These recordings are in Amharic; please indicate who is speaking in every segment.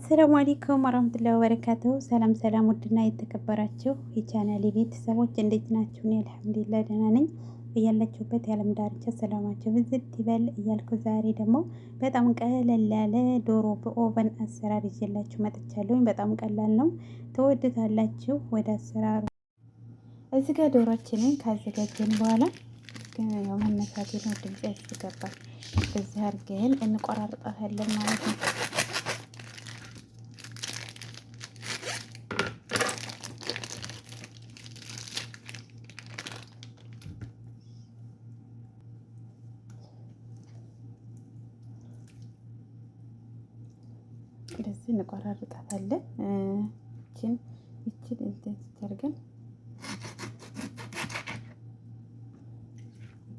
Speaker 1: አሰላሙ አለይኩም ወራህመቱላሂ ወበረካቱ። ሰላም ሰላም፣ ውድና የተከበራችሁ የቻናሌ ቤተሰቦች እንዴት ናችሁ? እኔ አልሐምዱሊላህ ደህና ነኝ። እያላችሁበት የዓለም ዳርቻ ሰላማችሁ ብዝት ይበል እያልኩ ዛሬ ደግሞ በጣም ቀለል ያለ ዶሮ በኦቨን አሰራር ይዤላችሁ መጥቻለሁኝ። በጣም ቀላል ነው፣ ትወዱታላችሁ። ወደ አሰራሩ እዚህ ጋር ዶሮችንን ካዘጋጀን በኋላ ያው መነሳቴ ነው፣ ድምፅ ያስገባል። በዚህ አድርገን እንቆራርጣለን ማለት ነው እንደዚህ እንቆራርጣታለን። ይችን ይችን እንትን ስታርገን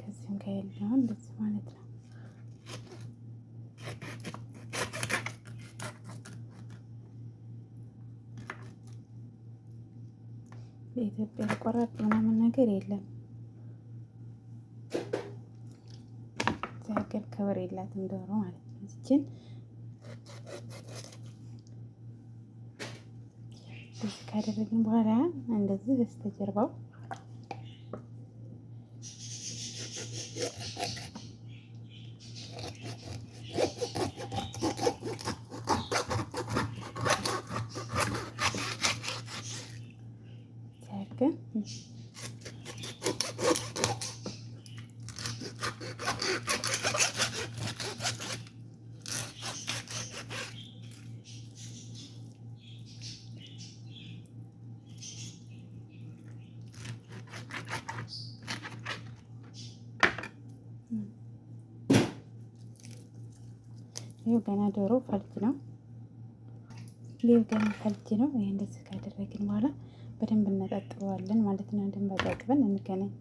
Speaker 1: ከዚህም ጋር ያለውን እንደዚህ ማለት ነው። በኢትዮጵያ ቆራጥ ምናምን ነገር የለም። እዚህ ሀገር ክብር የላትም ዶሮ ማለት ነው። ካደረግን በኋላ እንደዚህ በስተጀርባው ይኸው ገና ዶሮ ፈልጅ ነው። ይኸው ገና ፈልጅ ነው። ይህ እንደዚህ ካደረግን በኋላ በደንብ እናጣጥበዋለን ማለት ነው። እንድንበጣጥበን እንገናኝ።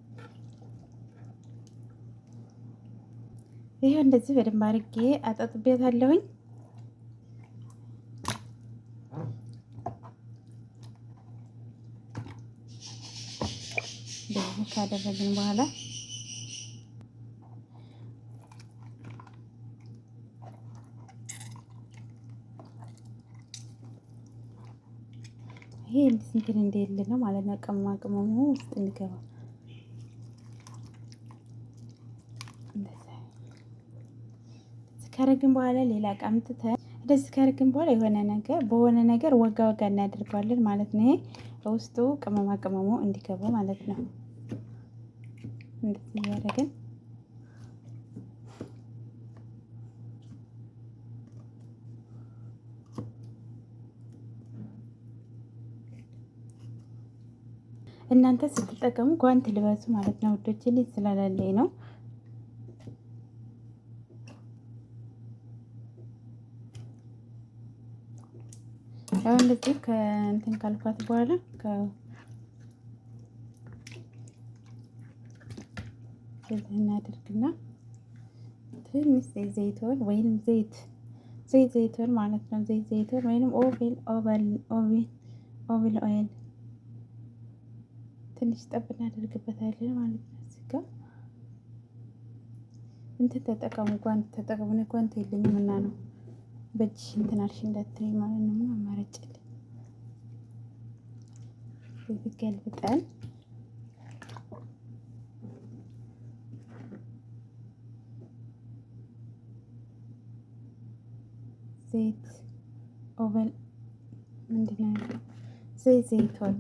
Speaker 1: ይኸው እንደዚህ በደንብ አድርጌ አጣጥቤታለሁኝ። እንደዚህ ካደረግን በኋላ እንዴት እንትን እንደሌለ ነው ማለት ነው። ቅመማ ቅመሙ ውስጥ እንገባ ከረግን በኋላ ሌላ ቀምጥተ እንደዚህ ከረግን በኋላ የሆነ ነገር በሆነ ነገር ወጋ ወጋ እናደርገዋለን ማለት ነው። ይሄ በውስጡ ቅመማ ቅመሙ እንዲገባ ማለት ነው። እንደዚህ እያደረግን እናንተ ስትጠቀሙ ጓንት ልበሱ ማለት ነው ውዶች። ልጅ ስላለለኝ ነው። ያው እንደዚህ ከእንትን ካልኳት በኋላ ከዚህ እናድርግና ትንሽ ዘይት ዘይቶን ወይም ዘይት ዘይት ዘይቶን ማለት ነው ዘይት ዘይቶን ወይም ኦቪል ኦቨል ኦቪል ኦቪል ኦይል ትንሽ ጠብ እናደርግበታለን ማለት ነው። እዚህ ጋር እንትን ተጠቀሙ፣ ጓንት ተጠቀሙ። እኔ ጓንት የለኝም እና ነው በእጅሽ እንትን አልሽ እንዳትለኝ ማለት ነው። አማራጭል እዚህ ገልብጠን ዘይት ኦቨን ምንድን ነው ዘይት ዘይቶን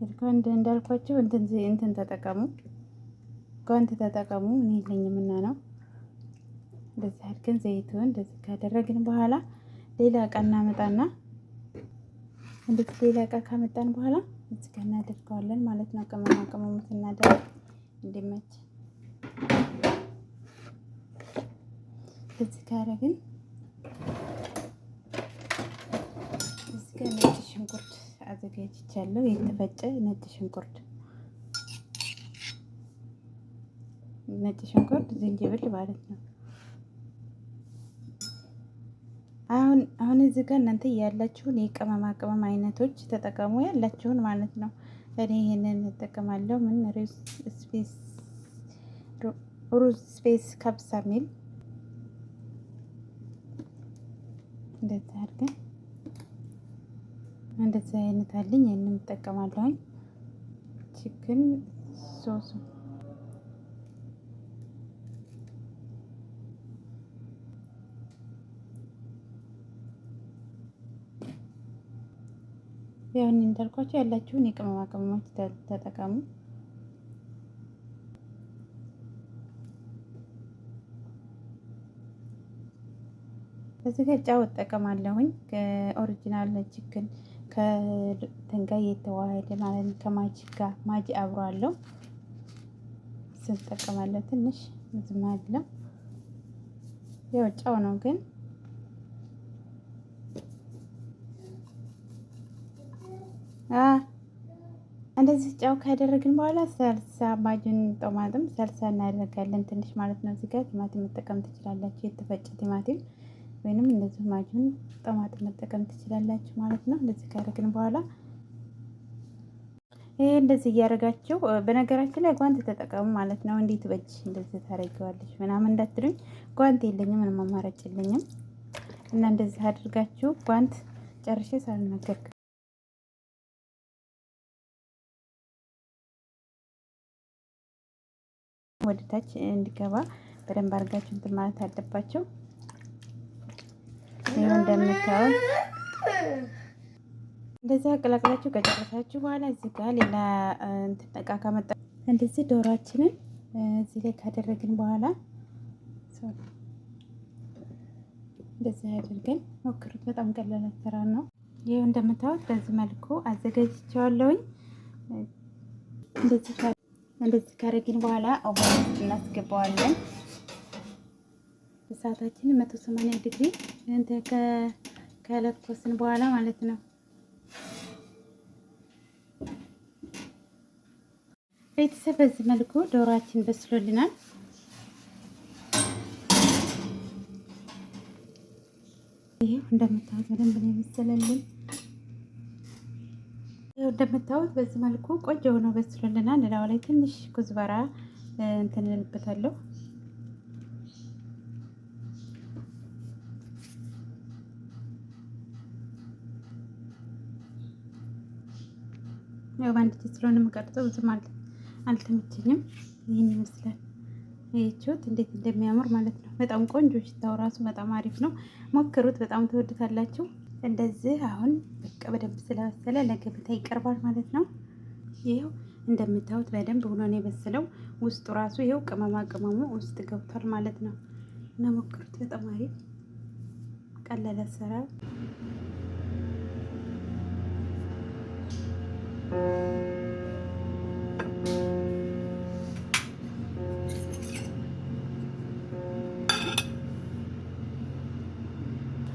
Speaker 1: ሲልኮን እንዳልኳችሁ እንትን ተጠቀሙ፣ ጓንት ተጠቀሙ። እኔ የለኝምና ነው። እንደዚህ አድርገን ዘይቱን እንደዚህ ካደረግን በኋላ ሌላ እቃ እናመጣና እንዴት ሌላ እቃ ካመጣን በኋላ እዚህ ጋር እናደርገዋለን ማለት ነው። ቅመማ ቅመሙ ስናደርግ እንዲመች እዚህ ካረግን ግን እዚህ ጋር ነጭ ሽንኩርት አዘጋጅቻለሁ። የተፈጨ ነጭ ሽንኩርት፣ ነጭ ሽንኩርት፣ ዝንጅብል ማለት ነው። አሁን አሁን እዚህ ጋር እናንተ ያላችሁን የቅመማ ቅመም አይነቶች ተጠቀሙ፣ ያላችሁን ማለት ነው። እኔ ይሄንን እጠቀማለሁ። ምን ሩዝ ስፔስ ሩዝ ካብሳ ሚል እንደዛ አድርገን እንደዚህ አይነት አለኝ። ይህንም እጠቀማለሁኝ። ችክን ሶስ ያሁን እንዳልኳቸው ያላችሁን የቅመማ ቅመሞች ተጠቀሙ። እዚህ ጋር ጨው እጠቀማለሁኝ ኦሪጂናል ችክን ከድንጋይ የተዋሃደ ማለት ነው። ከማጅ ጋር ማጅ አብሮ አለው። ስንጠቀማለን ትንሽ ዝም አለው። ያው ነው ግን እንደዚህ ጨው ካደረግን በኋላ ሰልሳ ማጅን ጦማትም ሰልሳ እናደርጋለን ትንሽ ማለት ነው። እዚህ ጋር ቲማቲም መጠቀም ትችላላችሁ፣ የተፈጨ ቲማቲም ወይንም እንደዚህ ማጁን ጠማጥ መጠቀም ትችላላችሁ ማለት ነው። እንደዚህ ካደረግን በኋላ ይህ እንደዚህ እያደረጋችሁ በነገራችን ላይ ጓንት ተጠቀሙ ማለት ነው። እንዴት በጅ እንደዚህ ታደርጊዋለሽ ምናምን እንዳትሉኝ፣ ጓንት የለኝም ምንም አማራጭ የለኝም እና እንደዚህ አድርጋችሁ ጓንት ጨርሼ ሳልነገር ወደታች እንዲገባ በደንብ አድርጋችሁ እንትን ማለት አለባቸው። እንደምታዩት እንደዚህ አቀላቅላችሁ ከጨረሳችሁ በኋላ እዚህ ጋር ሌላ እንትን ከመጣ እንደዚህ ዶሯችንን እዚህ ላይ ካደረግን በኋላ እንደዚህ አድርገን ሞክሩት። በጣም ቀላል አሰራር ነው። ይኸው እንደምታዩት በዚህ መልኩ አዘጋጅቼዋለሁኝ። እንደዚህ ካደረግን በኋላ ውሃ እናስገባዋለን። 180 ዲግሪ ሰማንያ ከ ከለኮስን በኋላ ማለት ነው። ቤተሰብ በዚህ መልኩ ዶሯችን በስሎልናል። ይህ እንደምታዩት በደንብ ነው ይሄው እንደምታዩት በዚህ መልኩ ቆንጆ ሆኖ በስሎልናል። ሌላው ላይ ትንሽ ኩዝበራ እንትን እንልበታለሁ ያው በአንድ እጅ ስለሆነ የምቀርጸው ብዙም አልተመቸኝም። ይህን ይመስላል። ይችሁት እንዴት እንደሚያምር ማለት ነው። በጣም ቆንጆ ሽታው ራሱ በጣም አሪፍ ነው። ሞክሩት፣ በጣም ትወዱታላችሁ። እንደዚህ አሁን በቃ በደንብ ስለበሰለ ለገበታ ይቀርባል ማለት ነው። ይኸው እንደምታዩት በደንብ ሆኖ ነው የበሰለው። ውስጡ ራሱ ይኸው ቅመማ ቅመሙ ውስጥ ገብቷል ማለት ነው እና ሞክሩት፣ በጣም አሪፍ ቀለለ አሰራር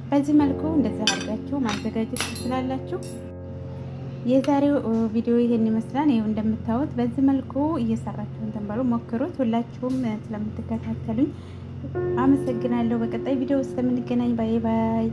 Speaker 1: በዚህ መልኩ እንደዛ አድርጋችሁ ማዘጋጀት ትችላላችሁ። የዛሬው ቪዲዮ ይሄን ይመስላል። ይኸው እንደምታዩት በዚህ መልኩ እየሰራችሁ እንትን በሉ ሞክሩት። ሁላችሁም ስለምትከታተሉኝ አመሰግናለሁ። በቀጣይ ቪዲዮ ውስጥ የምንገናኝ ባይ ባይ።